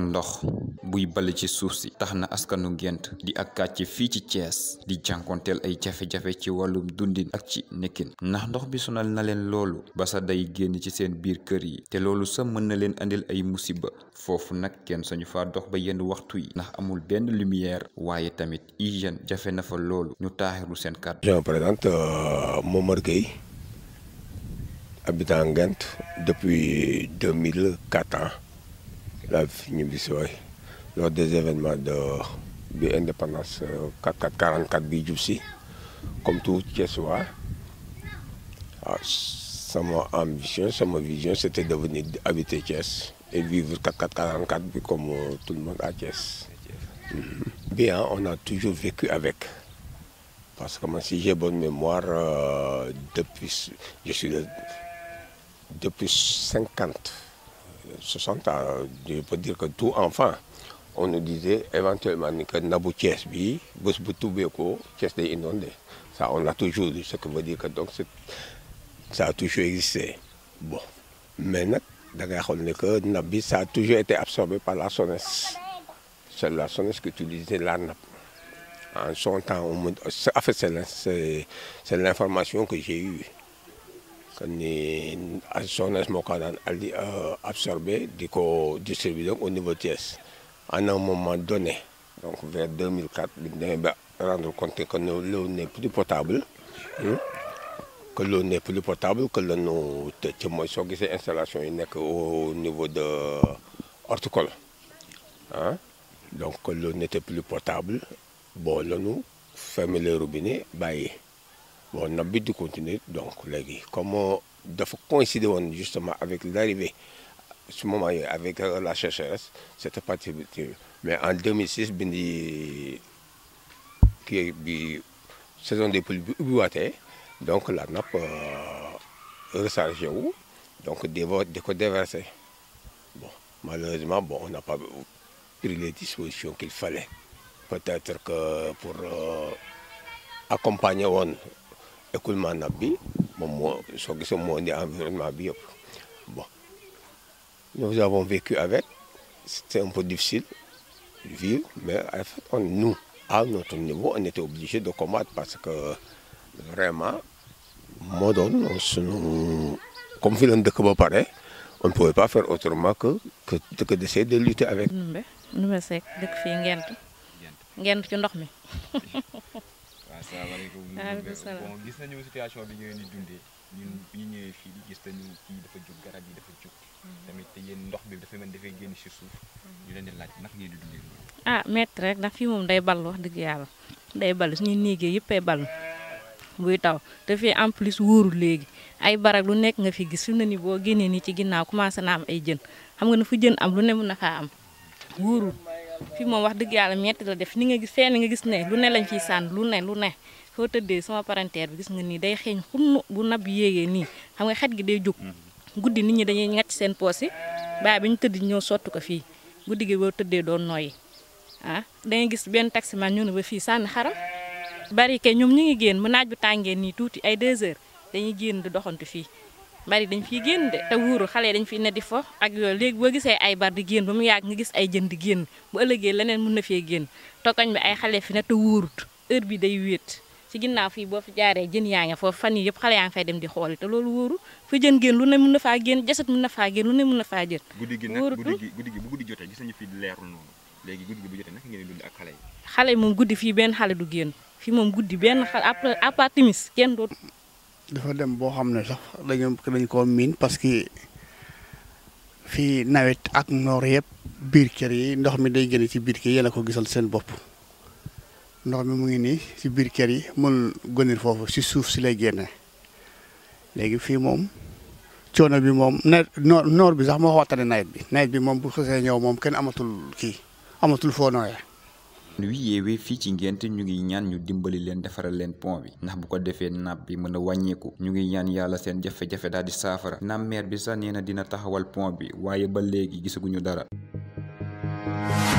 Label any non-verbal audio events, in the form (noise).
ndox buy ball ci suuf si tax na askanu gént di ak kàcc fii ci cees di jànkonteel ay jafe-jafe ci wàllum dundin ak ci nekkin ndax ndox bi sonal na leen loolu ba sa day génn ci seen biir kër yi te loolu sa mën na leen indil ay musiba foofu nag kenn sañu faa dox ba yenn waxtu yi ndax amul benn lumière waaye tamit hygiène jafe na fa loolu ñu taaxiru seen kàddu. Je me présente euh, Momar Gueye habitant Nguinth depuis 2004 ans. la ñibbisi waay lors des événements de bi indépendance 44 44 bi jub si comme tout Thiès waa waaw ah, sama ambition sama vision c'était de venir habiter Thiès et vivre 44 44 bi comme euh, tout le monde à Thiès. Mm-hmm. bien on a toujours vécu avec parce que ma si j'ai bonne mémoire euh, depuis de, depuis 50 60 ans, je peux dire que tout enfant, on nous disait éventuellement que Nabou Thiès, bi, bus bu tubeko, Thiès est inondé. Ça, on l'a toujours du ce qui veut dire que donc ça a toujours existé. Bon, que Nabi, bi a toujours été absorbé par la SONES. C'est la SONES qu'utilisait la nappe. En son temps, on, en fait, c'est l'information que j'ai eue. ni Soxna moo ko daan al di euh, di ko distribué au niveau Thiès à un moment donné donc vers 2004 bi ñu demee ba rendre compte que l'eau n'est plus potable que l'eau n'est plus potable que la ñu tëj mooy soo gisee installation yi nekk au niveau de horticole ah donc que l'eau n'était plus potable bon la ñu fermer les robinets bàyyi. bon nab bi di continuer donc léegi comme dafa coïncider woon justement avec l'arrivée su moment yooyu avec euh, la sécheresse c'était parti mais en 2006 bi di kii bi saison des pluies bi ubbiwaatee donc la nappe euh, rechargé wu donc di di ko déverser bon malheureusement bon on n'a pas pris les dispositions qu'il fallait peut-être que pour euh, accompagner woon écoulement napp bi moom moo soo gisee moo indi environnement bi yëpp bon nous avons vécu avec c'était un peu difficile de mais en fait on niveau on était obligé de combattre parce que vraiment moo doon sunu comme fi leen dëkk ba pare on ne pouvait pas faire autrement que que que de lutter avec. Ndoumbé Ndoumbé Seck fii Ngent. Ngent ci ndox mi. (laughs) asalaamaaleykum. Ah, waaleykum gis nañu situation bi ngeen di dundee. ñun bu ñu ñëwee fii gis nañu kii dafa jug garab yi dafa jug. Mm-hmm. tamit te yéen ndox bi dafa mel dafay génn si suuf. Mm-hmm. ñu leen di laaj ndax ngeen di dundee ah métti rek ndax fii moom day ball wax dëgg yàlla day ball suñuy néegee yëppay ball buy taw te fii en plus wóorul léegi ay barak lu nekk nga fi gis fi na ne nii boo génnee nii ci ginnaaw commencé naa am ay jën xam nga ne fu jën am lu ne mën na faa am wóorul fi moom wax dëgg yàlla metti la def ni nga gis ni nga gis ne lu ne lañ ciy sànn lu ne lu ne foo tëddee sama parentère bi gis nga nii day xeeñ xunn bu nab yéegee nii xam nga xet gi day jóg mm-hmm. guddi nit ñi dañuy ngacc seen poos yi bàyyi bi ñu tëdd ñëw sotti ko fii guddi gi boo tëddee doon nooyi ah da ngay gis benn taximan ñu ne ba fii sànni xaram bari kay ñoom ñu ngi génn mu naaj bu tàngee nii tuuti ay 2 heures dañuy génn di doxantu fii bari dañ fiy génn de te wuuru xale dañ fi ne di fo ak yooyu léegi boo gisee ay bar di génn ba mu yàgg nga gis ay jën génn bu ëllëgee leneen mun na fee génn te koñ bi ay xale fi ne te wuurut heure bi day wéet ci ginnaaw fii boo fi jaaree jën yaa ngi foofu fan yi yëpp xale yaa ngi fay dem di xooli te loolu wóoru fa jën génn lu ne mën na faa génn jaset mën na faa génn lu ne mën na faa jën wóorutul guddi gi bu guddi jotee gis nañu fi leerul noonu léegi guddi gi bu jotee naka ngeen dund ak xale yi moom guddi fii benn xale du génn fii moom guddi benn xale après kenn dootu dafa dem boo xam ne sax dañu dañ koo miin parce que fii nawet ak noor yëpp biir kër yi ndox mi day génn ci biir kër yi yéen a ko gisal seen bopp ndox mi mu ngi nii ci biir kër yi mënul gënir foofu si suuf si lay génne léegi fii moom coono bi moom nawet noor bi sax moo xawaatane nawet bi nawet bi moom bu xasee ñëw moom kenn amatul kii amatul foo nooyee luy yeewee fii ci ngent ñu ngi ñaan ñu dimbali leen defaral leen pont bi ndax bu ko defee napp bi mën a wàññeeku ñu ngi ñaan yàlla seen jafe-jafe daal di saafara naam maire bi sax nee na dina taxawal pont bi waaye ba léegi gisaguñu dara